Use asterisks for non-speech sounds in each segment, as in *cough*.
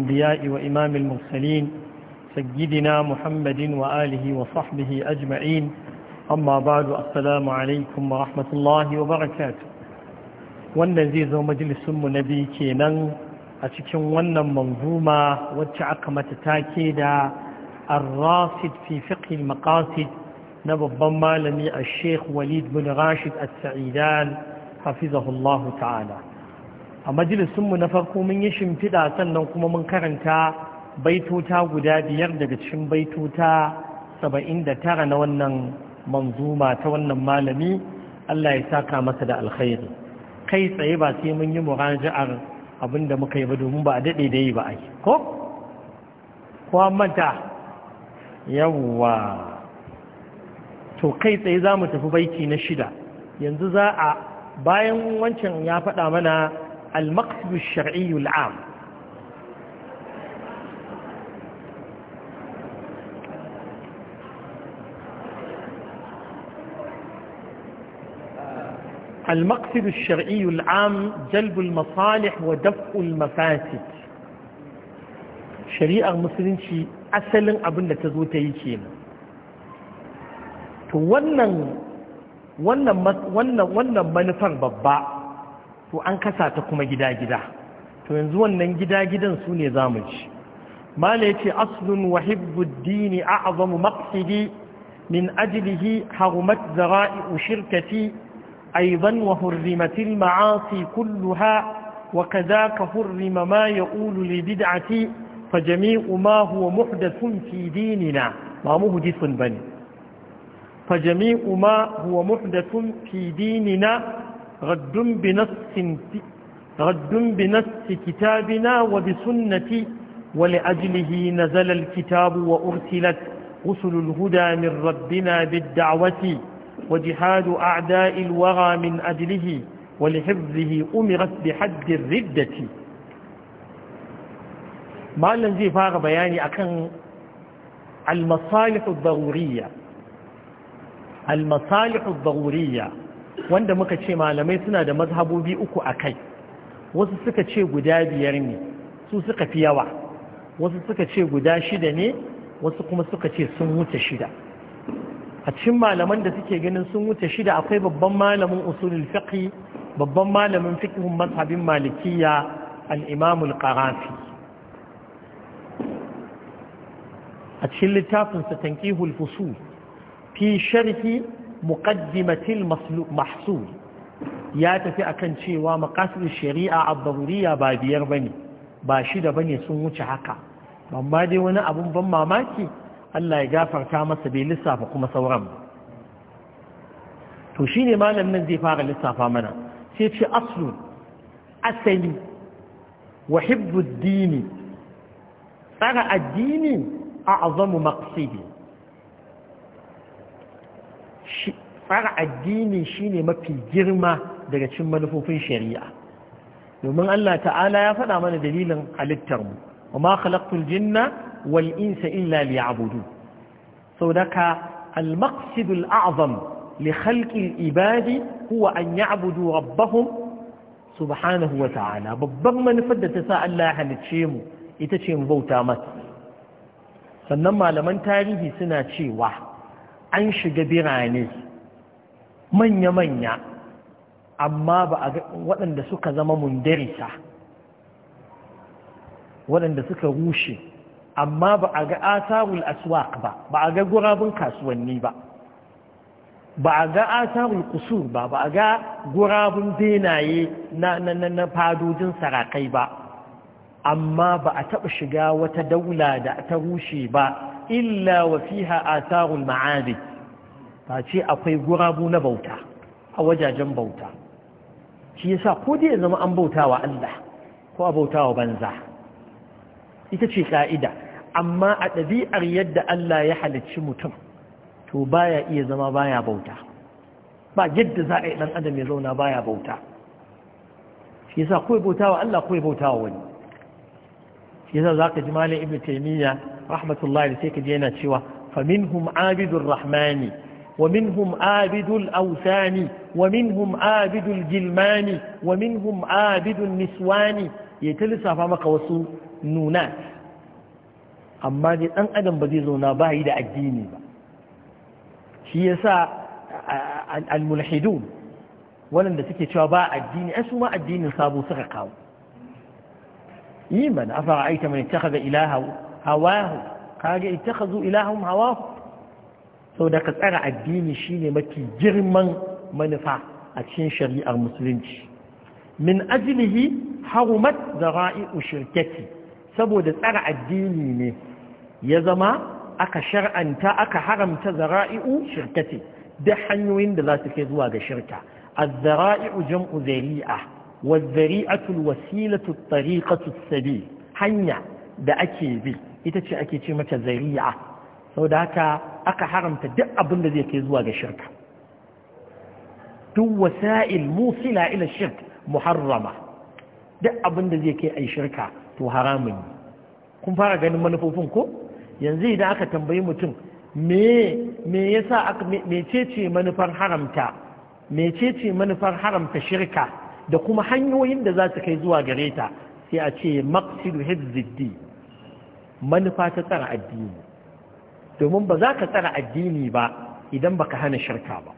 الأنبياء وإمام المرسلين سيدنا محمد وآله وصحبه أجمعين أما بعد السلام عليكم ورحمة الله وبركاته والنزيز ومجلس النبي كينان أتكن ون منظومة وتعقمة تاكيدا الراصد في فقه المقاصد نبض مالمي الشيخ وليد بن راشد السعيدان حفظه الله تعالى a majalisunmu na farko mun yi shimfiɗa sannan kuma mun karanta baitota guda biyar daga cikin baitota saba'in da tara na wannan manzuma ta wannan malami Allah ya saka masa da alkhairi kai tsaye ba sai mun yi muraji'ar abinda muka yi ba domin ba a daɗe da yi ba ai ko ko manta yawwa to kai tsaye za mu tafi baiki na shida yanzu za a bayan wancan ya faɗa mana المقصد الشرعي العام المقصد الشرعي العام جلب المصالح ودفع المفاسد شريعة musulunci asalin abin da ta zo ta yi kenan to wannan manufar babba to an kasa ta kuma gida-gida to yanzu wannan gida-gidan su ne zamu ci mala yace aslun wa hibbuddini a'zamu maksidi min ajlihi harumat zara'i'u shirkati aiban wa hurrimat al-ma'asi kulluha wa kadhaka hurrima ma yaqulu li bid'ati فجميع ما هو محدث في ديننا ما محدث بني فجميع ما هو محدث في رد بنص, رد بنص كتابنا وبسنة ولأجله نزل الكتاب وأرسلت رسل الهدى من ربنا بالدعوة وجهاد أعداء الورى من أجله ولحفظه أمرت بحد الردة ما الذي فار بياني أكن المصالح الضرورية المصالح الضرورية wanda muka ce malamai suna da mazhabobi uku a kai wasu suka ce guda biyar ne su suka fi yawa wasu suka ce guda shida ne wasu kuma suka ce sun wuce shida a cikin malaman da suke ganin sun wuce shida akwai babban malamin usulul fiqi babban malamin fiqhun mazhabin malikiyya al-imam al-qarafi a cikin littafin sa tanqihul fusul fi sharhi muqaddimatil mahsul ya tafi akan cewa maƙasar shari'a ad-daruriyya ba biyar bane ba shida bane sun wuce haka amma dai wani abun ban mamaki Allah ya gafarta masa bai lissafa kuma sauran to shine malamin nan zai fara lissafa mana sai ce aslu asali wa hibbu tsara addini a azamu maqsidi tsara addini shine mafi girma daga cikin manufofin shari'a domin Allah ta'ala ya faɗa mana dalilin halittar mu wa ma khalaqtul jinna wal insa illa liya'budu saudaka al maqsid al a'zam li khalqi al ibadi huwa an ya'budu rabbahum subhanahu wa ta'ala babban manufar da ta sa Allah ya halicce mu ita ce mu bauta masa sannan malaman tarihi suna cewa an shiga birane manya-manya amma ba a ga waɗanda suka zama mundarita waɗanda suka rushe amma ba a ga asarul Aswak ba ba a ga gurabun kasuwanni ba ba a ga asarul kusur ba ba a ga gurabun benaye na na fadojin sarakai ba amma ba a taɓa shiga wata daula da ta rushe ba illa wa fiha atharul ma'abid ta ce akwai gurabu na bauta a wajajen bauta shi yasa ko dai ya zama an wa Allah ko a wa banza ita ce ka'ida amma a ɗabi'ar yadda Allah ya halicci mutum to baya iya zama baya bauta ba yadda za a yi ɗan adam ya zauna baya bauta shi yasa ko bauta wa Allah ko bauta bautawa wani yasa za ka ji malin ibn taymiya rahmatullahi sai ka je yana cewa fa minhum abidur rahmani wa minhum abidul awsani wa minhum abidul jilmani wa minhum abidul niswani ya ta lissafa maka wasu nuna amma dai dan adam ba zai zauna ba yi da addini ba shi yasa al-mulhidun waɗanda suke cewa ba addini ai su ma addinin sabo suka kawo yi mana afa ra'aita man ittakhadha ilaha hawahu kage ittakhadhu ilahum hawahu sau da ka tsara addini shine mafi girman manufa a cikin shari'ar musulunci min ajilihi harumat zara'i'u shirkati saboda tsara addini ne ya zama aka shar'anta aka haramta zara'i'u shirkati da hanyoyin da za su kai zuwa ga shirka az-zara'i'u jam'u zari'a wadzari'atul wasilatu tariqatu sabi hanya da ake bi ita ce ake ce mata zari'a da haka aka haramta duk abin zai kai zuwa ga shirka duk wasa'il musila ila shirk muharrama duk abin zai kai ai shirka to haramun kun fara ganin manufofin ko yanzu idan aka tambayi mutum me me yasa aka mecece mecece manufar haramta shirka da kuma hanyoyin da za su kai zuwa gare ta sai a ce maqsidu hizzi manufa ta tsara addini domin ba za ka tsara addini ba idan baka hana shirka ba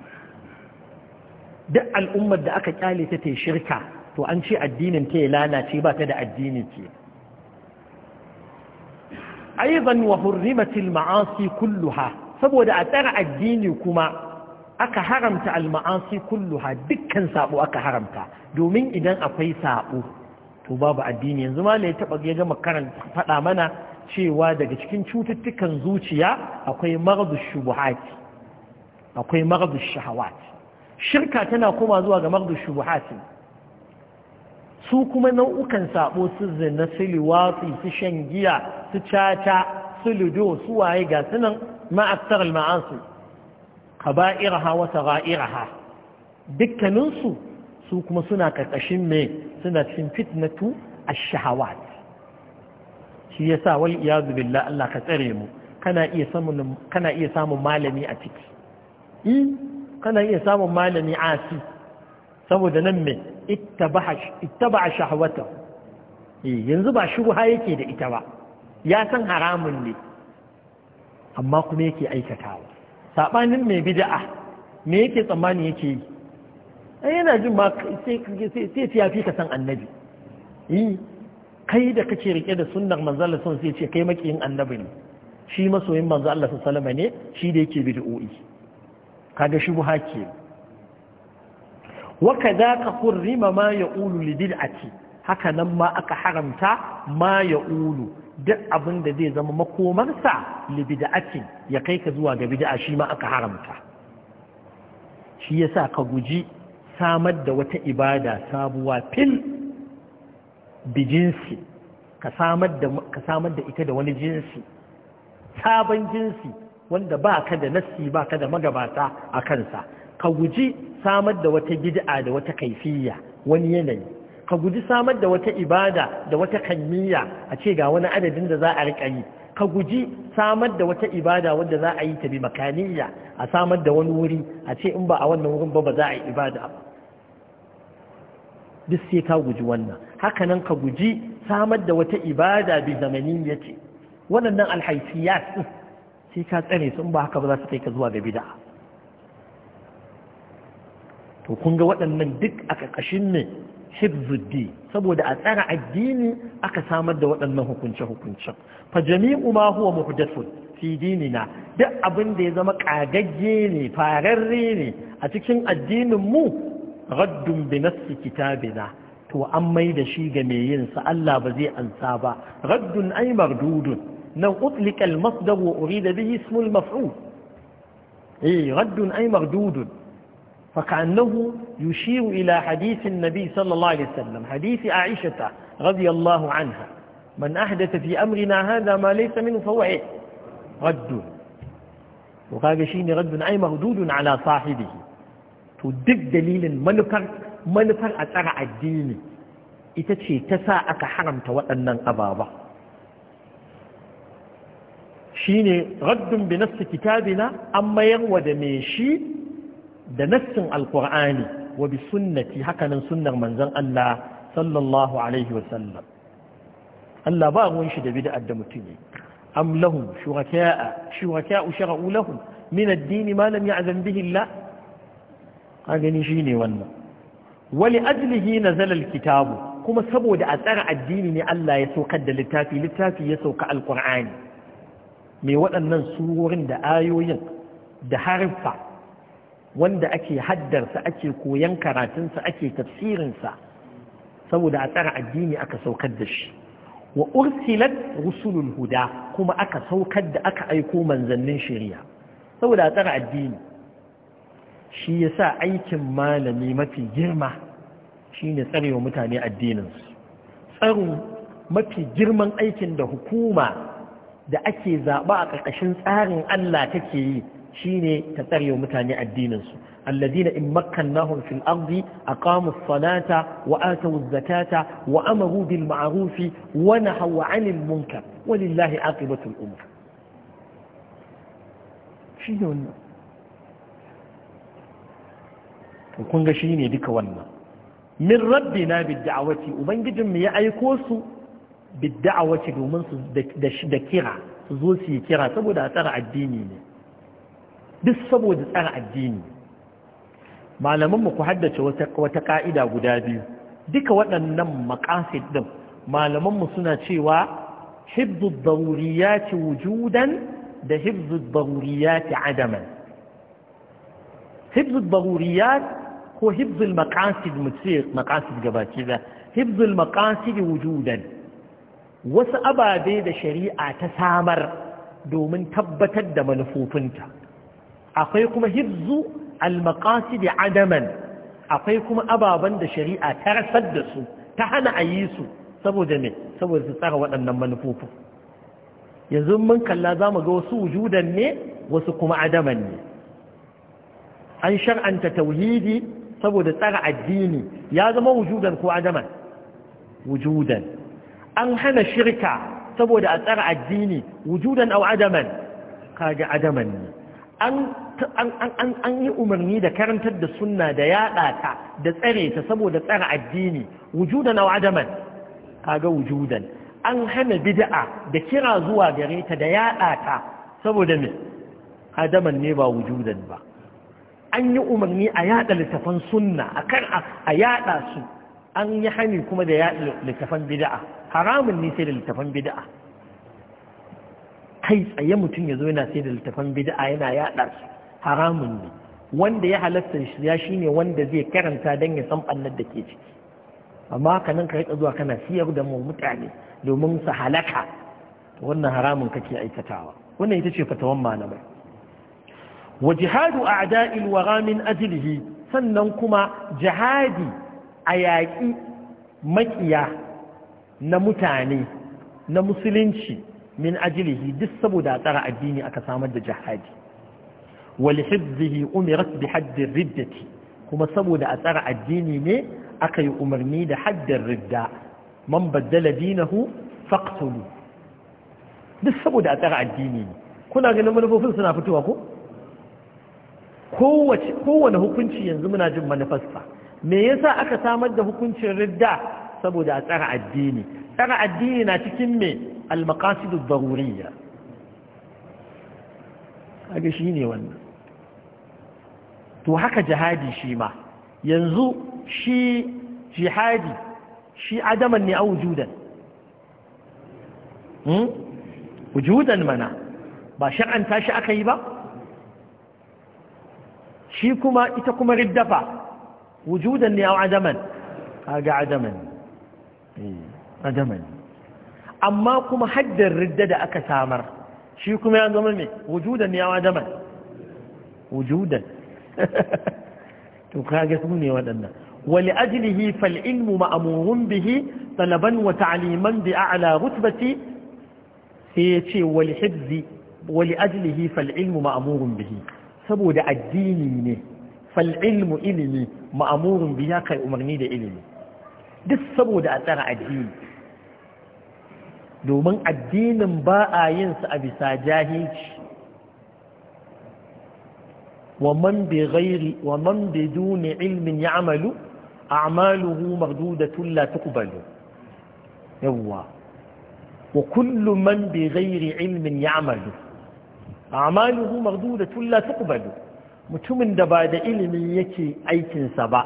duk al'ummar da aka kyale ta ta shirka to an ce addinin ta ya lalace ba ta da addini ce aidan wa hurrimatil ma'asi kulluha saboda a tsara addini kuma aka haramta alma'asi kulluha dukkan sabo aka haramta domin idan akwai sabo to babu addini yanzu ma ya taba ya gama karanta faɗa mana cewa daga cikin cututtukan zuciya akwai maradu shubuhat akwai maradu shahawat shirka tana koma zuwa ga maradu shubuhat su kuma nau'ukan sabo su zina su liwatsi su shan giya su caca su ludo su waye ga sunan ma'asar al-ma'asi kaba'iraha wa sagha'iraha dukkaninsu su kuma suna karkashin me suna cikin fitnatu a shahawat shi ya sa wal iyadu billah Allah ka tsare mu kana iya samun iya samun malami a ciki in kana iya samun malami a asi saboda nan me ittabaha a shahawata yanzu ba shi shubha yake da ita ba ya san haramun ne amma kuma yake aikatawa saɓanin mai bida'a me yake tsammani yake yi ai yana jin ma sai ce ya fi ka san annabi yi kai da kake rike da sunnar manzo Allah sun sai ce kai makiyin annabi ne shi masoyin manzo Allah sallallahu ne shi da yake bid'o'i kaga bu ke wa kadaka hurrima ma yaqulu li bid'ati haka nan ma aka haramta ma yaqulu duk abin da zai zama makomarsa libida'atin ya kai ka zuwa ga bida'a shi ma aka haramta shi ya sa ka guji samar da wata ibada sabuwa fil bijinsi ka samar da ita da wani jinsi sabon jinsi wanda ba ka da nassi ba ka da magabata a kansa ka guji samar da wata gid'a da wata kaifiyya wani yanayi ka guji samar da wata ibada da wata kalmiya a ce ga wani adadin da za a riƙa yi ka guji samar da wata ibada wanda za a yi ta bi makaniya a samar da wani wuri a ce in ba a wannan wurin ba ba za a yi ibada ba duk sai ka guji wannan Haka nan ka guji samar da wata ibada bi zamani ya ce waɗannan alhaifiyat sai ka tsare su in ba haka ba za su kai ka zuwa ga bid'a to kun ga waɗannan duk a ƙarƙashin ne hibzuddi saboda a tsara addini aka samar da waɗannan hukunce-hukuncen fa jami'u ma huwa muhdathun fi dinina duk abin da ya zama kagagge ne fararre ne a cikin addinin mu raddun bi nassi kitabina to an mai da shi ga mai yin sa Allah ba zai ansa ba raddun ay mardudun nan utlika al masdar wa urida bihi ismul maf'ul eh raddun ay mardudun فكأنه يشير إلى حديث النبي صلى الله عليه وسلم حديث عائشة رضي الله عنها من أحدث في أمرنا هذا ما ليس منه فهو إيه رد وقال شيني رد أي مردود على صاحبه تدق دليل منفر manufar a tsara addini ita ce ta sa aka haramta waɗannan ababa shi ne raddun bi nassi kitabina an mayar wa da mai shi da nassin alkur'ani wa bi sunnati hakanan sunnar manzon Allah sallallahu alaihi wa sallam Allah ba ruwan shi da bid'a da mutum ne am lahum shuraka'a shuraka'u shara'u lahum min ad-din ma lam ya'zam bihi Allah ka gani shine wannan wali ajlihi nazala al-kitabu kuma saboda a tsara addini ne Allah ya saukar da littafi littafi ya sauka alkur'ani mai waɗannan surorin da ayoyin da harfa wanda ake haddarsa ake koyan karatunsa ake tafsirinsa saboda a tsara addini aka saukar da shi wa ursilat rusulul huda kuma aka saukar da aka aiko manzannin shari'a saboda a tsara addini shi ya sa aikin malami mafi girma shi shine tsarewa mutane addininsu tsaro mafi girman aikin da hukuma da ake zaɓa a ƙarƙashin tsarin Allah take yi shine ta tsare mutane addinin su alladina in makkannahum fil ardi aqamu as-salata wa atu az wa amaru bil ma'ruf wa nahaw 'anil munkar walillahi aqibatu al-umur shine wannan to kun ga duka wannan min rabbina mu ya aiko su bidda'a da'awati domin su da kira su zo su yi kira saboda a addini ne duk saboda tsara addini malaman ku haddace wata ka'ida guda biyu duka waɗannan maqasid ɗin, malaman suna cewa hibdu daruriyati wujudan da hibdu daruriyati adaman Hibzud daruriyat ko hibdu maqasid mutsir maqasid gabaki da hibdu maqasid wujudan wasu ababe da shari'a ta samar domin tabbatar da manufofinta akwai kuma hibzu almakasi da adaman akwai kuma ababan da shari'a ta rasar da su ta hana a yi su saboda me saboda su tsara waɗannan manufofi yanzu mun kalla za mu ga wasu wujudan ne wasu kuma adaman ne an shar'anta tauhidi saboda tsara addini ya zama wujudan ko adaman wujudan an hana shirka saboda a tsara addini wujudan au adaman kaga adaman ne an yi umarni da karantar da sunna da yaɗa ta da tsare ta saboda tsara addini wujudan aw adaman kaga wujudan an hana bid'a da kira zuwa gare ta da yaɗa ta saboda adaman ne ba wujudan ba an yi umarni a yaɗa littafan sunna a kan a yaɗa su an yi hani kuma da yaɗa littafan bid'a haramun ne sai da littafan bid'a kai tsaye mutum ya zo yana sai da littafan bid'a yana yaɗa su haramun ne wanda ya halatta ya shine wanda zai karanta don ya san ɓannar da ke ciki amma ka nan ka zuwa kana siyar da mu mutane domin su halaka wannan haramun kake aikatawa wannan ita ce fatawan malamai wa jihadu a'da'il wara min ajlihi sannan kuma jihadi a yaƙi makiya na mutane na musulunci min ajilihi duk saboda tsara addini aka samar da jihadi wal hibzihi umirat bi haddin riddati kuma saboda a tsara addini ne aka yi umarni da haddin ridda man baddala dinahu faqtulu duk saboda a tsara addini ne kuna ganin manufofin suna fitowa ko kowane hukunci yanzu muna jin manufarsa me yasa aka samar da hukuncin ridda saboda a tsara addini تغى الدين تكمي المقاصد الضرورية هذا شيني وانا توحك جهادي شيما ينزو شي جهادي شي عدما او وجودا وجودا منا با شعن تاشع كيبا شي كما اتكما ردفا وجودا او عدما هذا عدما ايه rajamani amma kuma haddar ridda da aka samar shi kuma ya zama mai wujudan ya wadaman wujudan *laughs* to kage su ne waɗannan wali ajilihi fal ilmu ma'amurun bihi talaban wa ta'aliman bi a'la rutbati sai ya ce wali hibzi wali ajilihi fal ilmu ma'amurun bihi saboda addini ne fal ilmu ilimi ma'amurun ya kai umarni da ilimi duk saboda a tsara addini domin addinin ba a yin su a bisa jahilci ومن بغير ومن بدون علم يعمل أعماله مردودة لا تقبل mutumin da ba da ilimi yake aikinsa ba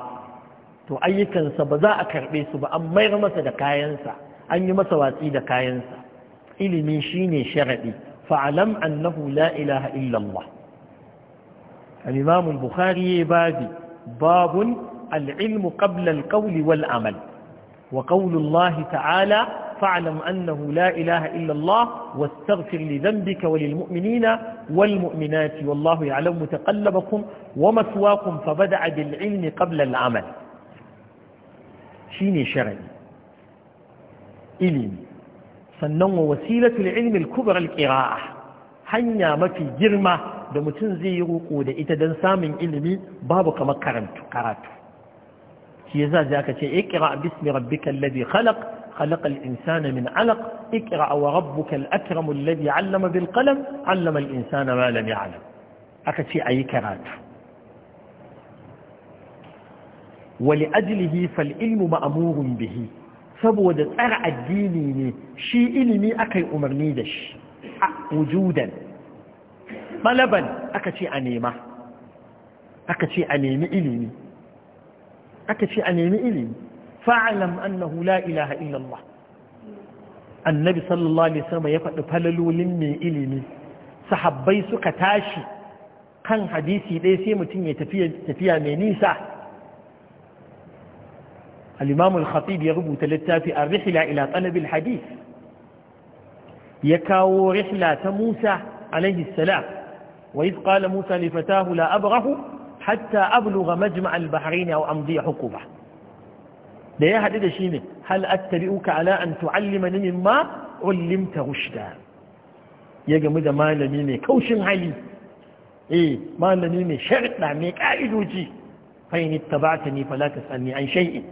to ayyukansa ba za a karɓe su ba an mayar masa da kayansa an yi masa watsi da kayansa ilimin shi ne sharaɗi fa'alam annahu la ilaha illallah al-imam al-bukhari babi babun al-ilmu qabla al-qawli wal amal wa qawlu Allah ta'ala fa'alam annahu la ilaha illallah wastaghfir li dhanbika wa lil mu'minina wal mu'minati wallahu ya'lamu taqallabakum wa maswaakum fabada'a bil ilmi qabla al shi ne sharaɗi ilimi sannan wa wasilatul ilmi al-kubra al-qira'a hanya mafi girma da mutum zai yi ruku da ita don samun ilimi babu kamar karantu karatu shi yasa za ka ce iqra bismi rabbikal ladhi khalaq خلق الإنسان من علق اقرأ وربك الأكرم الذي علم بالقلم علم الإنسان ما لم يعلم أكتي أي كراتو ولأجله فالعلم مأمور به saboda tsara addini ne shi ilimi aka yi umarni da shi a wujudan malaban aka ce a nema aka ce a nemi ilimi aka ce a nemi ilimi fa'alam annahu la ilaha illallah annabi sallallahu alaihi wasallam ya faɗi falalolin mai ilimi sahabbai suka tashi kan hadisi ɗaya sai mutum ya tafiya mai nisa الإمام الخطيب يغبو تلتافي الرحلة إلى طلب الحديث يكاو رحلة موسى عليه السلام وإذ قال موسى لفتاه لا أبره حتى أبلغ مجمع البحرين أو أمضي حقوبة ليه هذا الشيء هل أتبئك على أن تعلمني مما علمت رشدا يجي مدى ما لنيني كوشن علي إيه ما لنيني شرط لعني قائد وجي فإن اتبعتني فلا تسألني عن شيء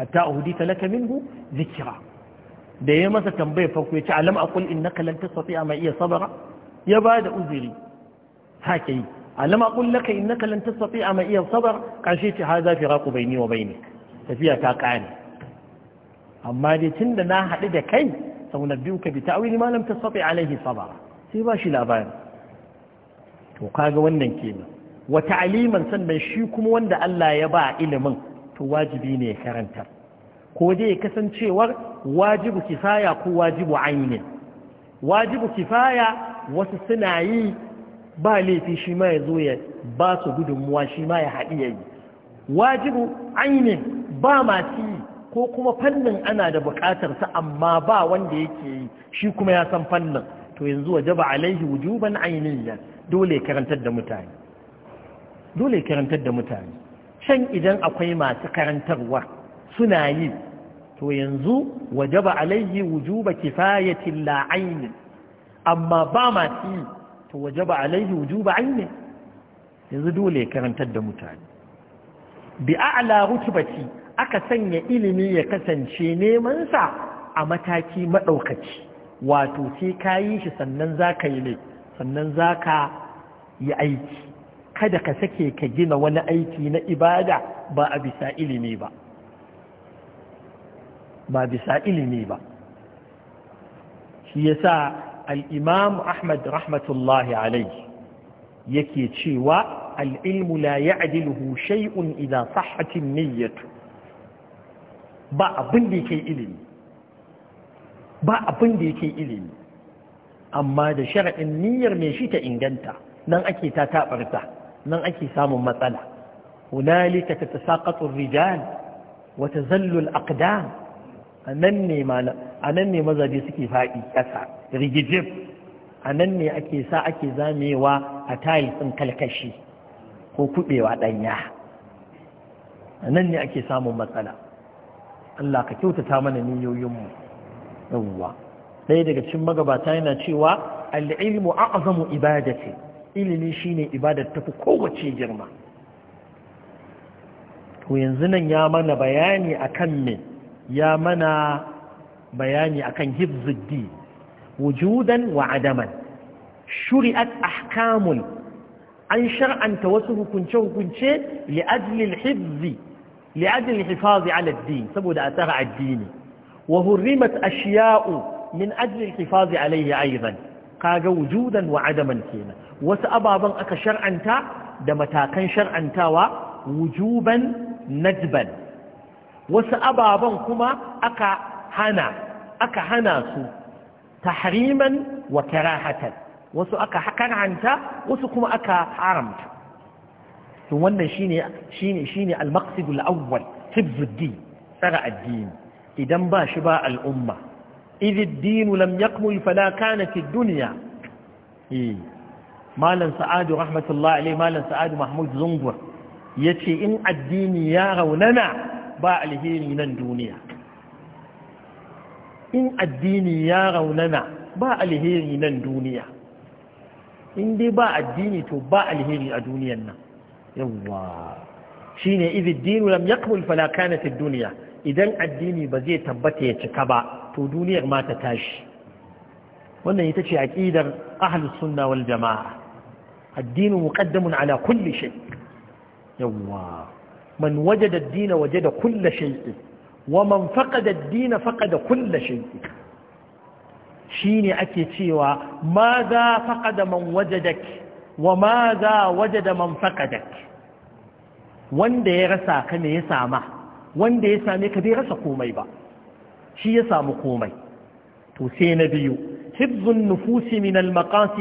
hatta uhdita laka minhu zikira da ya masa tambaya farko ya ce alam aqul innaka lan tastati'a ma iya sabara ya ba da uzuri haka yi alam aqul laka innaka lan tastati'a ma iya sabar kashi ce ha za firaqu baini wa bainik tafiya ta kane amma dai tunda na haɗu da kai sau na biyu ka bi ta'awili ma lam tastati alaihi sabara sai ba shi labarin. to kaga wannan kenan wa ta'liman sannan shi kuma wanda Allah ya ba ilimin wajibi ne ya karanta ko dai kasancewar wajibu kifaya ko wajibu aini wajibu kifaya wasu suna yi ba laifi shi ma ya zo ya ba su gudunmuwa shi ma ya haɗi ya yi wajibu aini ba masu ko kuma fannin ana da buƙatarsa amma ba wanda yake yi shi kuma ya san fannin to yanzu waje ba alaihi wujuban aini dole karantar da mutane dole karantar da mutane can idan akwai masu karantarwa suna yi to yanzu wajaba alaihi wujuba kifayatin la amma ba masu yi to wajaba alaihi wujuba aini yanzu dole ya karantar da mutane bi a'la rutubati aka sanya ilimi ya kasance neman sa a mataki madaukaci wato sai ka yi shi sannan zaka yi ne sannan zaka yi aiki kada ka sake ka gina wani aiki na ibada ba a bisa ilimi ba ba bisa ilimi ba shi yasa al-imam ahmad rahmatullahi alayhi yake cewa al-ilmu la ya'diluhu shay'un idha sahhat niyyatu ba abin da yake ilimi ba abin da yake ilimi amma da shar'in niyyar mai shi ta inganta nan ake ta tabarta nan ake samun matsala hunalika ta ar-rijal wa tazallu al-aqdam anan ne mala anan ne mazaje suke faɗi kasa rigijib anan ne ake sa ake zamewa a tayil sun kalkashi ko kubewa danya anan ne ake samun matsala Allah ka kyautata mana niyoyinmu yawwa ɗaya daga cikin magabata yana cewa al-ilmu a'zamu ibadati ilimi shine ibadar tafi kowace girma to yanzu nan ya mana bayani akan me ya mana bayani akan hifzuddi wujudan wa adaman shuri'at ahkamun an shar'anta wasu hukunce-hukunce li'ajlil hifzi li'ajlil hifazi ala din saboda a tsara addini wa hurrimat ashiya'u min ajlil hifazi alaihi aidan kaga wujudan wa adaman kenan wasu ababen aka shar'anta da matakan shar'antawa wujuban najban wasu ababen kuma aka hana aka hana su tahriman wa karahatan wasu aka karanta wasu kuma aka haramta to wannan shine shine shine al-maqsidul awwal hibzuddin tsara addini idan ba shi ba al'umma idid dinu lam yakmul fala kana fi dunya eh malam sa'adu rahmatullahi alai malam sa'adu mahmud zungur ya ce in addini ya raunana ba alheri nan duniya in addini ya raunana ba alheri nan duniya in dai ba addini to ba alheri a duniyan nan yawwa shine dinu lam yakmul fala kanat ad-dunya idan addini ba zai tabbata ya cika ba to duniyar ma ta tashi wannan ita ce aqidar ahlus sunna wal jamaa addini muqaddamun ala kulli shay yawa man wajada ad-din wajada kull shay wa man faqada ad-din faqada kull shay shine ake cewa ma za faqada man wajadak wa ma za wajada man faqadak wanda ya rasa ka ne ya sama wanda ya same ka bai rasa komai ba shi ya samu komai to na biyu hibzun nufusi min al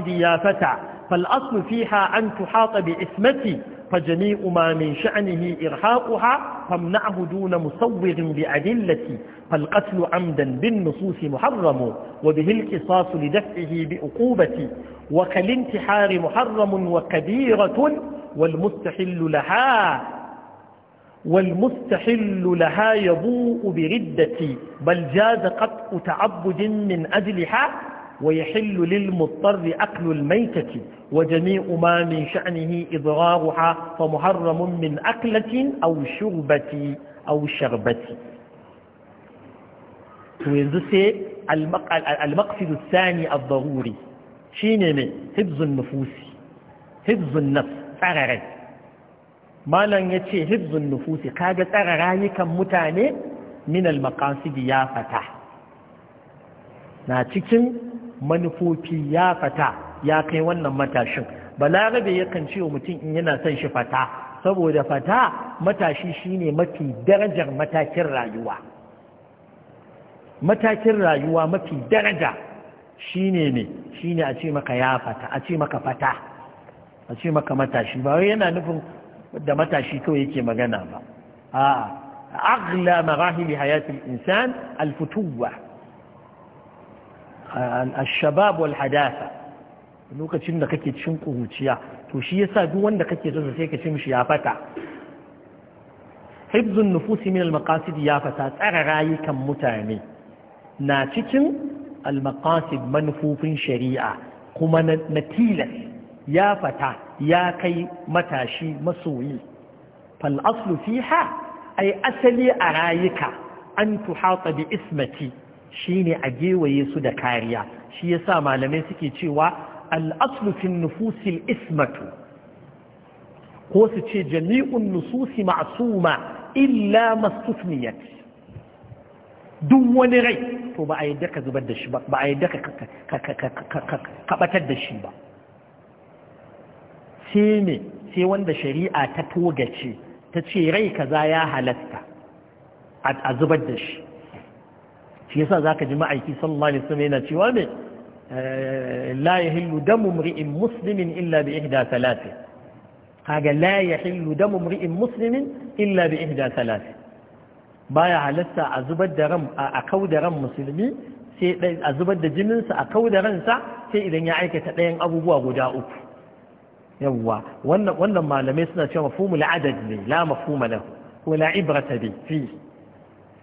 ya fata فالأصل فيها أن تحاط بإسمتي فجميع ما من شأنه إرهاقها فامنعه دون مصور بأدلتي فالقتل عمدا بالنصوص محرم وبه القصاص لدفعه بأقوبتي وكالانتحار محرم وكبيرة والمستحل لها والمستحل لها يبوء بردة بل جاز قطع تعبد من أجلها ويحل للمضطر أكل الميتة وجميع ما من شأنه إضرارها فمحرم من أكلة أو شربة أو شربة المقصد الثاني الضروري شين من حفظ النفوس حفظ النفس فرغ ما لن يتشي حفظ النفوس كاجة ترغي كمتاني من المقاصد يا فتح na cikin manufofi ya fata ya kai wannan matashin balarabe yakan ce wa mutum in yana son shi fata saboda fata matashi shine mafi darajar matakin rayuwa matakin rayuwa mafi daraja shine ne shine a ce maka ya fata a ce maka fata a ce maka matashi ba wai yana nufin da matashi kawai yake magana ba a'a أغلى مراحل حياة الإنسان الفتوة al-shabab wal hadatha lokacin da kake cikin kuruciya to shi yasa duk wanda kake son sai ka ci mishi ya fata hibzun nufusi min al ya fata tsara rayukan mutane na cikin al-maqasid manufofin shari'a kuma na tilas ya fata ya kai matashi masoyi fal aslu fiha ai asali a rayuka an tuhata bi ismati shine a gewaye su da kariya shi yasa malamai suke cewa al nufusil ismatu ko su ce jami'un nususi ma'suma illa mastutniyat duk wani rai to ba a yi daka zubar da shi ba ba a yi daka kaɓatar da shi ba sai ne sai wanda shari'a ta togace ta ce rai kaza ya halatta a zubar da shi shi yasa zaka ji ma'aiki sallallahu alaihi wasallam yana cewa ne eh, la yahillu damu mri'in muslimin illa bi ihda thalathi kaga la yahillu damu mri'in muslimin illa bi ihda thalathi baya halatta a zubar da ran a kau da ran musulmi sai a zubar da jinin sa a kau da sa sai idan ya aikata ɗayan abubuwa guda uku yawwa wannan wannan malamai suna cewa mafhumul adad ne la mafhuma lahu wala ibrata bi fi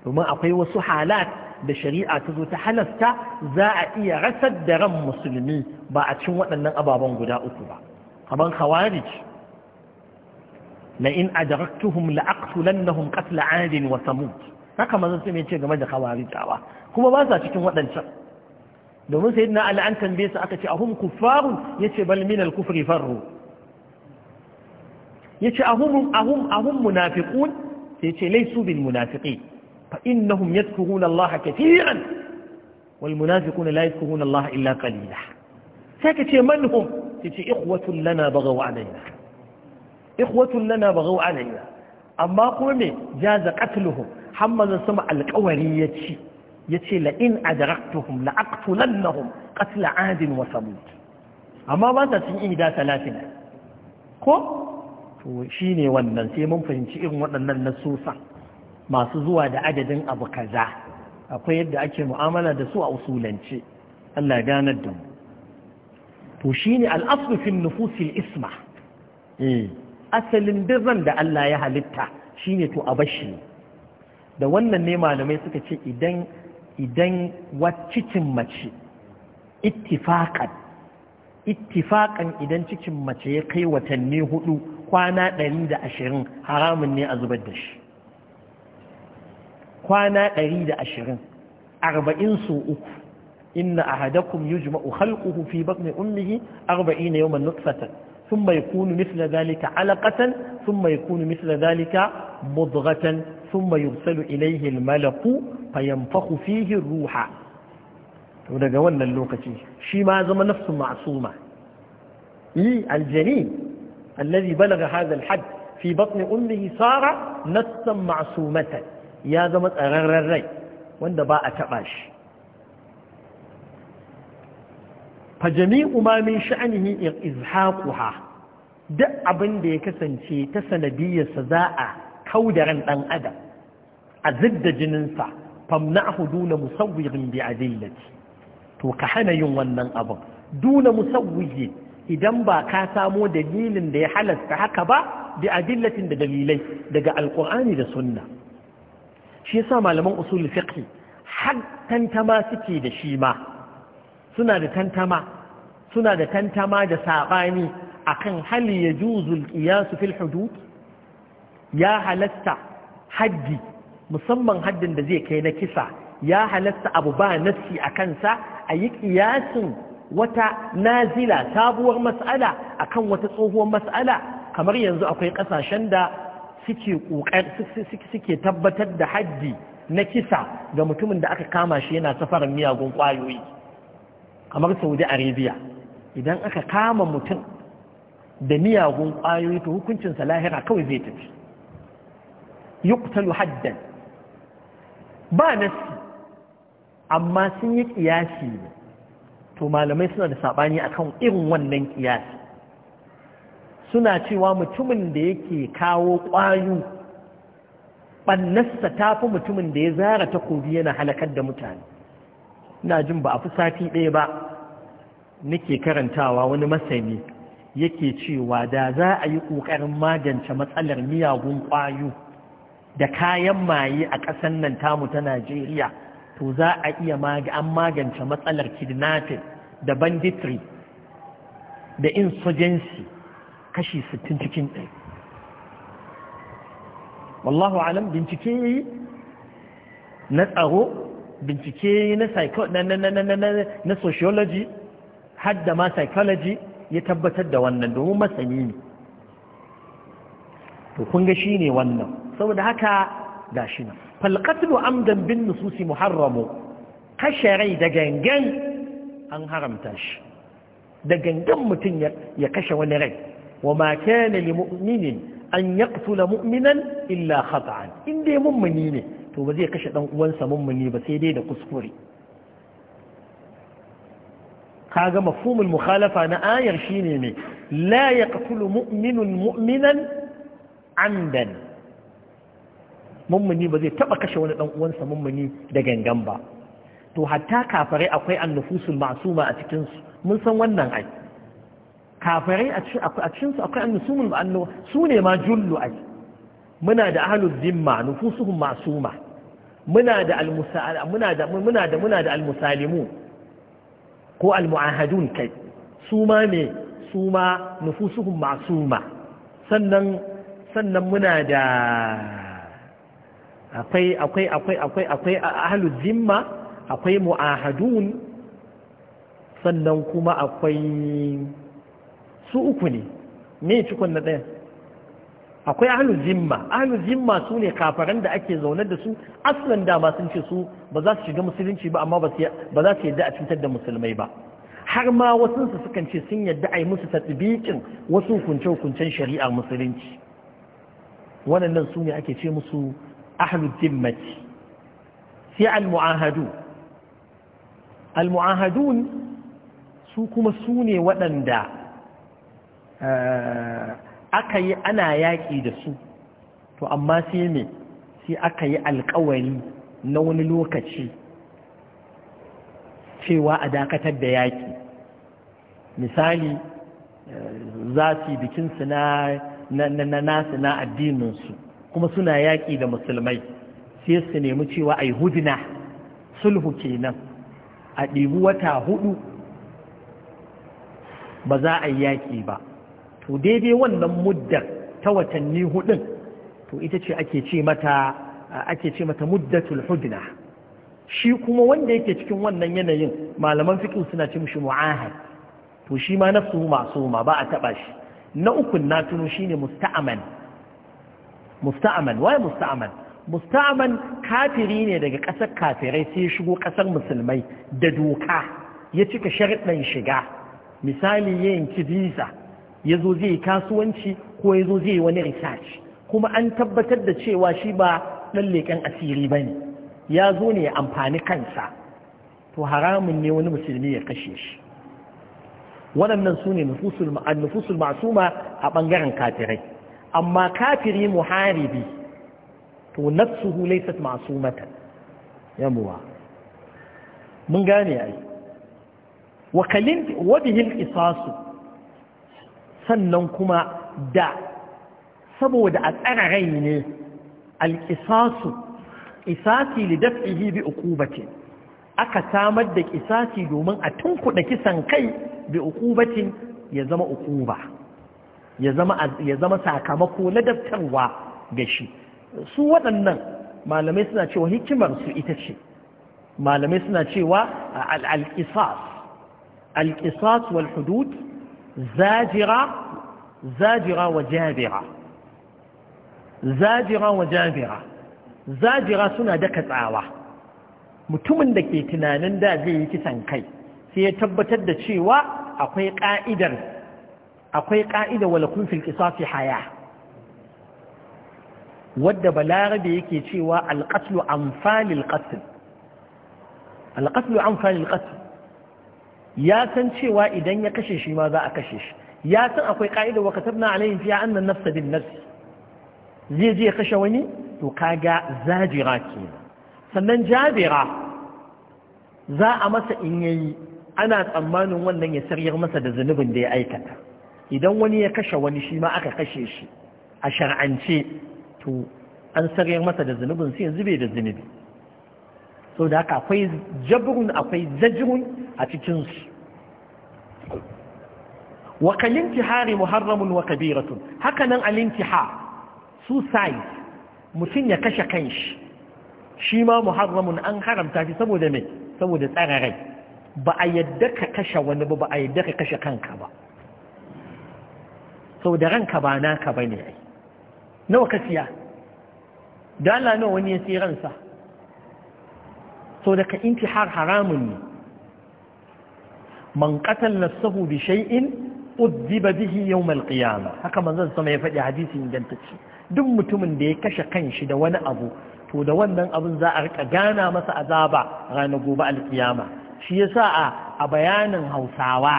domin akwai wasu halat da shari'a ta zo ta halasta za a iya rasar da ran musulmi ba a cin waɗannan ababen guda uku ba kamar khawarij na in adraktuhum la aqtulannahum qatl 'ad wa samud haka manzon sai ce game da khawarijawa kuma ba sa cikin waɗancan domin sayyidina ali an tambaye su aka ce ahum kuffarun yace bal min al kufri farru yace ahum ahum ahum munafiqun sai yace laysu bil munafiqin فإنهم يذكرون الله كثيرا والمنافقون لا يذكرون الله إلا قليلا ساكت من هم تتي إخوة لنا بغوا علينا إخوة لنا بغوا علينا أما قومي جاز قتلهم حمد سمع القورية يتي لئن أدركتهم لأقتلنهم قتل عاد وثمود أما ما تتي إيدا ثلاثنا ko to shine wannan sai mun fahimci irin waɗannan nasusa masu zuwa da adadin abu kaza akwai yadda ake mu'amala da su a usulance Allah ganar da mu to shine al'aslu fil nufusil isma eh asalin birran da Allah ya halitta shine to abashi da wannan ne malamai suka ce idan idan cikin mace ittifaqan ittifaqan idan cikin mace ya kai watanni hudu kwana 120 haramun ne a zubar da shi kwana ɗari da ashirin arba'in su uku inna ahadakum yujma'u khalquhu fi batni ummihi arba'ina yawman nutfatan ثم يكون مثل ذلك علقة ثم يكون مثل ذلك مضغة ثم يرسل إليه الملك فينفخ فيه الروح ودقى ولا اللوقة شي ما زم نفس معصومة إيه الجنين الذي بلغ هذا الحد في بطن أمه صار نفسا معصومة ya zama tsararren rai wanda ba a taɓa shi fajami umamin sha'anihi ha, duk abin da ya kasance ta sanadiyarsa za a kau da ran ɗan adam a zidda jininsa famna'ahu duna musawwirin bi adillaci to ka hana yin wannan abin duna musawwirin idan ba ka samo dalilin da ya halasta haka ba bi adillatin da dalilai daga alkur'ani da sunna shi yasa malaman usul fiqh har tantama suke da shi ma suna da tantama suna da tantama da sabani akan hal ya juzul qiyas fil hudud ya halarta haddi musamman haddin da zai kai na kisa ya halarta abu ba nassi a kansa a yi ƙiyasin wata nazila sabuwar mas'ala akan wata tsohuwar mas'ala kamar yanzu akwai ƙasashen da suke tabbatar da haddi na kisa ga mutumin da aka kama shi yana safarin miyagun kwayoyi kamar saudi arabia idan aka kama mutum da miyagun kwayoyi to hukuncinsa lahira kawai zai tafi yuktalu haddan ba nasi amma sun yi kiyasi to malamai suna da saɓani akan irin wannan kiyasi suna cewa mutumin da yake kawo ƙwayo ɓannasta ta fi mutumin da ya zara takobi yana halakar da mutane ina jin ba a fi sati ɗaya ba nake karantawa wani masani yake cewa da za a yi ƙoƙarin magance matsalar miyagun ƙwayo da kayan maye a ƙasar nan tamu ta najeriya to za a iya an magance matsalar kidnapping da banditry da insurgency kashi sittin cikin ɗai wallahu alam bincike yi na tsaro bincike na na sociology hadda ma psychology ya tabbatar da wannan domin masani ne to kun shi ne wannan saboda haka ga shi na falƙatulu amdan bin nususi muharramu kashe rai da gangan an haramta shi da gangan mutum ya kashe wani rai وما كان لمؤمن أن يقتل مؤمنا إلا خطعا إن دي مؤمنين to ba zai kashe dan uwansa mummuni ba sai dai da kuskure kaga mafhumul mukhalafa na ayar shine mai la yaqtulu mu'minun mummuni ba zai taba kashe wani dan uwansa mummuni da gangan ba to hatta kafare akwai annufusul ma'suma a cikin su mun san wannan ai kafirai a cikin su akwai annusumun ba'annu su ne ma jullu ai muna da ahlul zimma nufusuhum masuma muna da muna da muna da muna da almusalimun ko almuahadun kai su ma ne su ma nufusuhum masuma sannan sannan muna da akwai akwai akwai akwai akwai ahlul zimma akwai muahadun sannan kuma akwai su uku ne me cikon na ɗaya akwai ahlu zimma ahlu zimma su ne kafaran da ake zaune da su asalin dama sun ce su ba za su shiga musulunci ba amma ba za su yadda a cutar da musulmai ba har ma wasu su sukan ce sun yadda a yi musu tatbikin wasu hukunce hukuncen shari'ar musulunci waɗannan su ne ake ce musu ahlul zimmati sai al-mu'ahadu al-mu'ahadun su kuma su ne waɗanda Eh, aka yi ana yaƙi da su to amma sai me sai aka yi alƙawari na wani lokaci cewa a dakatar da yaƙi misali eh, za su yi bikinsu na nasu na addininsu kuma suna yaƙi da musulmai sai su nemi cewa a yi hudina sulhu kenan a ɗibu wata hudu ba za a yi yaƙi ba to daidai wannan muddar ta watanni hudun to ita ce ake ce mata ake ce mata muddatul hudna shi kuma wanda yake cikin wannan yanayin malaman fiqh suna ce mushi mu'ahad to shi ma nafsu ma'suma ba a taba shi na uku na tuno shine musta'aman musta'aman wai musta'aman musta'aman kafiri ne daga ƙasar kafirai sai ya shigo ƙasar musulmai da doka ya cika sharɗin shiga misali yayin kidisa ya zo zai kasuwanci ko ya zo zai wani research kuma an tabbatar da cewa shi ba ɗan leƙen asiri ba ne ya zo ne ya amfani kansa to haramun ne wani musulmi ya kashe shi waɗannan su ne nufusul masuma a ɓangaren kafirai amma kafiri muharibi to nafsuhu laysat masumatan yamuwa mun gane ai wa kalin wa bihil qisasu sannan kuma da saboda a tsara rai ne alƙisasu ƙisasi da daf'ihi bi uqubati aka samar da ƙisasi domin a tunkuɗa kisan kai bi uqubatin ya zama uquba ya zama ya zama sakamako ladabtarwa ga shi su waɗannan malamai suna cewa hikimar su ita ce malamai suna cewa al-qisas al wal hudud zajira zajira zajira suna daka tsawa mutumin da ke tunanin da zai yi kisan kai sai ya tabbatar da cewa akwai ka'idar akwai ka'idar walakun fil haya wadda balarabe yake cewa alqatlu anfalil qatl alqatlu qatl ya san cewa idan ya kashe shi ma za a kashe shi ya san akwai ƙa'idar wa na alayhi fiya annan nafsa bin nafsi zai je ya kashe wani to kaga zajira ke. sannan jabira za a masa in yayi ana tsammanin wannan ya saryar masa da zunubin da ya aikata idan wani ya kashe wani shi ma aka kashe shi a shar'ance to an saryar masa da zunubin sai yanzu bai da zunubi Sau da haka akwai jabrun akwai zajirun a cikinsu wa kalintihari muharramun wa kabiratun haka nan alintiha suicide mutum ya kashe kanshi shi ma muharramun an haramta shi saboda mai saboda tsararai ba a yadda ka kashe wani ba ba a yadda ka kashe kanka ba sau da ranka ba naka ba ne nawa ka siya dala nawa wani ya siya ransa so daga intihar haramun ne man qatal nafsahu bi shay'in udhiba bihi yawm al-qiyamah haka manzon sama ya faɗi hadisi ingantacce duk mutumin da ya kashe kanshi da wani abu to da wannan abun za a rika gana masa azaba ranar gobe alkiyama shi yasa a a bayanin Hausawa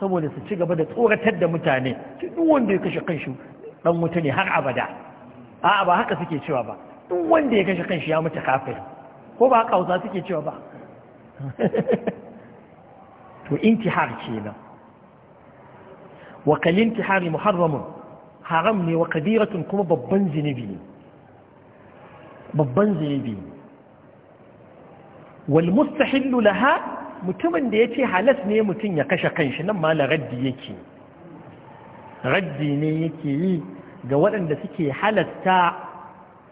saboda su ci gaba da tsoratar da mutane duk wanda ya kashe kanshi dan wuta ne har abada a'a ba haka suke cewa ba duk wanda ya kashe kanshi ya mutu kafiri ko ba hausa suke cewa ba *laughs* to intihar kenan wa kal intihari muharramun haram ne wa kabiratun kuma babban zinubi babban zinubi wal mustahillu laha mutumin da yace halas ne mutum ya kashe kanshi nan ma la raddi yake raddi ne yake yi ga waɗanda suke halasta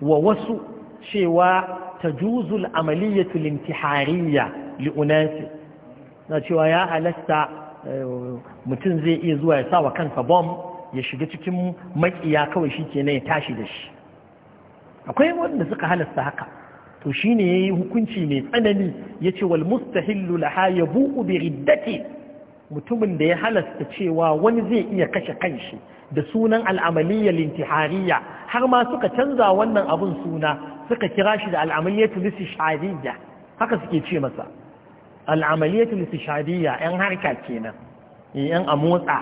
wa wasu cewa تجوز العملية الانتحارية لأناس نتوى يا ألست متنزي إيزوى يساوى كان فبوم يشجتكم مجئيا كوي شيكي نيتاشي دش أقول يقول نسق هل السهقة تشيني هكونشي نيتانني يتوى المستحل لها يبوء بردتي mutumin da ya halasta cewa wani zai iya kashe kanshi da sunan al'amaliyyar intihariya har ma suka canza wannan abun suna suka kira shi da al'amaliyatul haka suke ce masa al'amaliyatul istishhadiyya yan harka kenan yan a motsa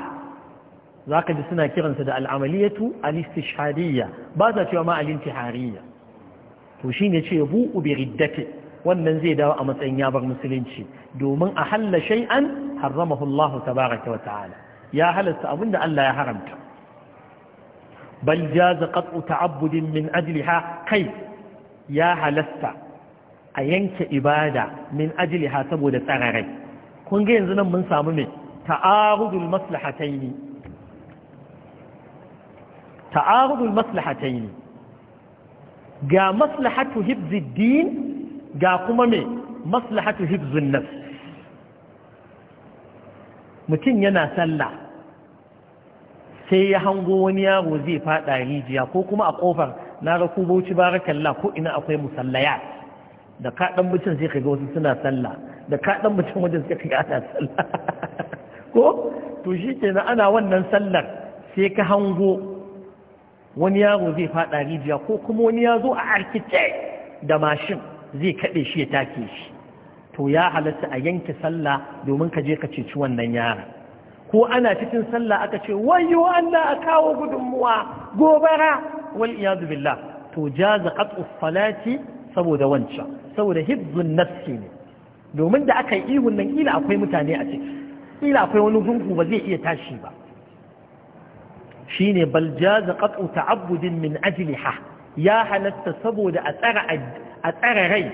zaka ji suna kiransa da al'amaliyatu al-istishhadiyya ba za cewa ma al-intihariyya to shine ce bu'u bi riddati wannan zai dawo a matsayin ya bar musulunci domin a halla shay'an harramahu Allah tabaaraka wa ta'ala ya halasta abinda Allah ya haramta bal jaza qat'u ta'abbudin min ajliha kai ya halasta a yanke ibada min ajiliha saboda tsararai kun ga yanzu nan mun samu mai ta'arudul maslahataini ta'arudul maslahataini ga maslahatu hibzid ga kuma mai maslahatu hibzun mutum yana sallah sai ya hango wani yaro zai fada rijiya ko kuma a kofar na ga ku bauchi barakallah ko ina akwai musallaya da ka dan mutum sai kaga wasu suna sallah da ka dan mutum wajen sai kaga ana sallah *laughs* ko to shikenan ana wannan sallar sai ka hango wani yaro zai faɗa rijiya ko kuma wani ya zo a arkice da mashin zai kaɗe shi ya take shi to ya halatta a yanke sallah domin ka je ka ceci wannan yaron ko ana cikin sallah aka ce wayo Allah a kawo gudunmuwa gobara wal iyadu billah to jaza qat'u salati saboda wancan saboda hibzun nafsi ne domin da aka yi ihun nan kila akwai mutane a ciki kila akwai wani gungu ba zai iya tashi ba shine bal jaza ta abudin min ajliha ya halatta saboda a tsara rai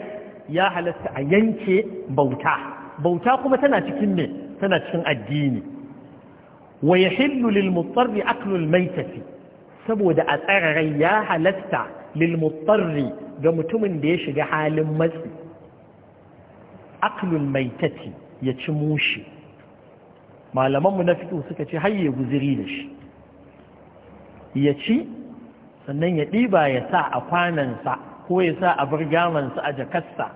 ya halatta a yanke bauta bauta kuma tana cikin ne tana cikin addini wa yahillu lil mutarri aklu al saboda a tsararai ya halatta lilmuttarri ga mutumin da ya shiga halin matsi aklul maitati ya ci mushi malamanmu na fito suka ce hayye guziri da shi ya ci sannan ya ɗiba ya sa a kwanansa ko ya sa a burgamansa a jakarsa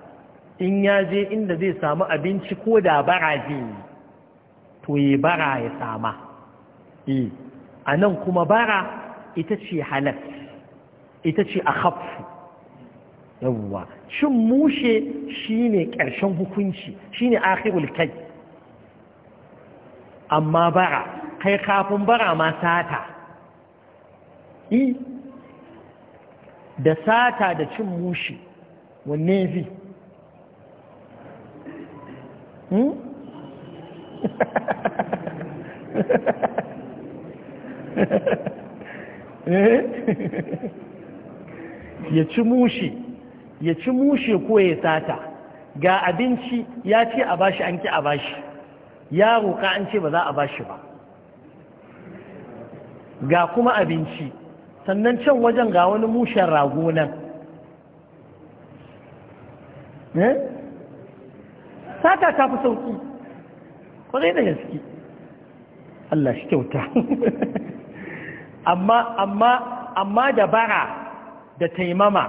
in ya je inda zai samu abinci ko da bara zai to ya bara ya sama eh, a nan kuma bara يتتشي حلف يتتشي أخف يوه شو موش شيني كرشون بخنشي شيني آخر الكي أما برا كي خافن برا ما ساتا إي دا da sata da cin mushi wanne zai Eh? *laughs* ya ci mushe ya ci mushe ko ya sata ga abinci ya ce a bashi an ki a bashi ya roƙa an ce ba za a bashi ba ga kuma abinci sannan can wajen ga wani mushen rago nan eh? sata ta fi sauki kwarai da gaske Allah shi kyauta *laughs* amma amma amma da bara da taimama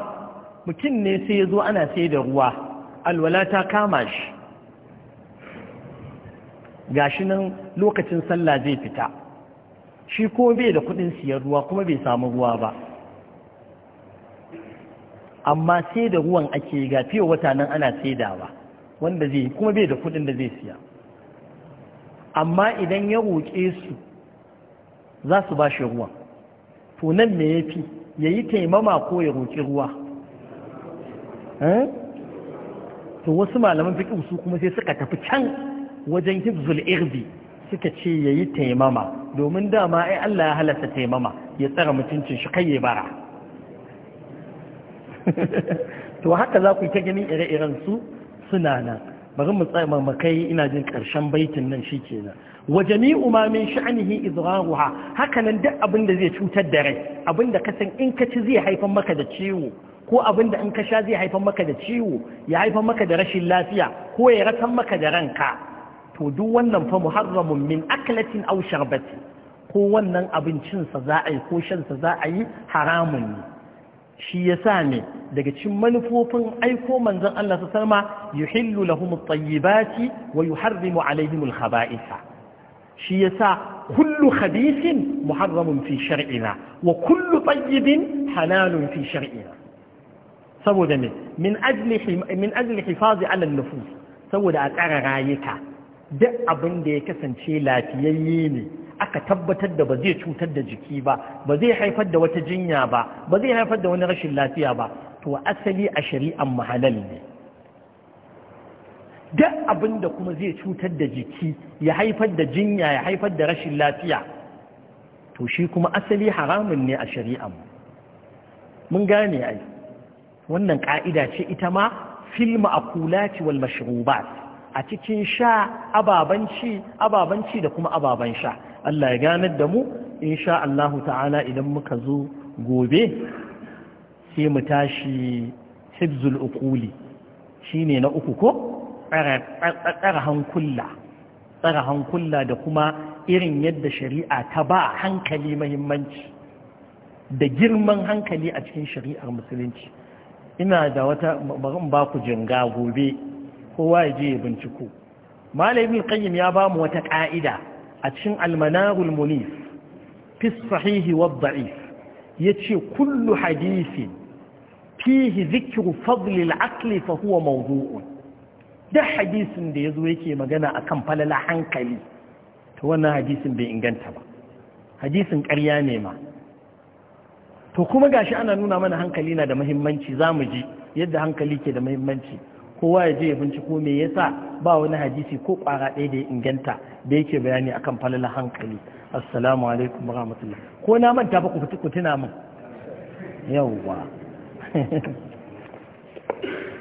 mutum ne sai ya zo ana sai da ruwa alwala ta kama shi gashi nan lokacin sallah zai fita shi ko bai da kudin siyan ruwa kuma bai samu ruwa ba amma sai da ruwan ake ga fiye wata nan ana ba wanda zai kuma bai da kudin da zai siya amma idan ya roƙe su za su ba shi ruwan to nan me yafi yayi taimama ko ya roki ruwa eh? to wasu malaman fiqh su kuma sai suka tafi can wajen hibzul irbi suka ce yayi taimama domin dama ai Allah ya halasta taimama ya tsara mutuncin shi kai ya bara *laughs* to haka za ku ta ganin ire-iren su suna nan bari mu tsaya mamakai ina jin karshen baitin nan shi kenan wa jami'u ma min sha'nihi haka hakanan duk abin da zai cutar da rai abin da ka san in ka ci zai haifar maka da ciwo ko abin da in ka sha zai haifar maka da ciwo ya haifar maka da rashin lafiya ko ya ratan maka da ranka to duk wannan fa muharramun min aklatin aw sharbati ko wannan abincinsa za a yi ko shansa za a yi haramun ne shi ya sa ne daga cikin manufofin aiko manzon Allah su sama yuhillu lahum at-tayyibati wa yuharrimu alaihim al-khaba'itha shi ya sa kullu khadisin muharramun fi shar'ina wa kullu tsayyibin halalun fi shar'ina saboda ne min ajli hifazi ala an-nufus saboda a tsara rayuka duk abin da ya kasance lafiyayye ne aka tabbatar da ba zai cutar da jiki ba ba zai haifar da wata jinya ba ba zai haifar da wani rashin lafiya ba to asali a shari'an mahalal ne duk abin da kuma zai cutar da jiki ya haifar da jinya ya haifar da rashin lafiya to shi kuma asali haramun ne a shari'an mun gane ai wannan ka'ida ce ita ma filma kulaci wal mashrubat a cikin sha ababanci ababanci da kuma ababan sha Allah ya ganar da mu insha Allah ta'ala idan muka zo gobe sai mu tashi hibzul uquli shine na uku ko tsara hankula tsara hankula da kuma irin yadda shari'a ta ba hankali mahimmanci da girman hankali a cikin shari'ar musulunci ina da wata barin ba ku jinga gobe kowa ya je ya binciko malamin qayyim ya ba mu wata ka'ida a cikin almanarul munif fi sahihi wa da'if yace kullu hadisi fihi zikru fadli al-aqli fa huwa mawdu'un duk hadisin da yazo yake magana akan falala hankali to wannan hadisin bai inganta ba hadisin ƙarya ne ma to kuma gashi ana nuna mana hankali na da muhimmanci zamu ji yadda hankali ke da muhimmanci kowa ya je ya binciko me yasa ba wani hadisi ko kwara ɗaya da ya inganta da yake bayani akan falala hankali assalamu alaikum wa rahmatullah ko na manta ba ku fiti ku tuna min yawwa *laughs*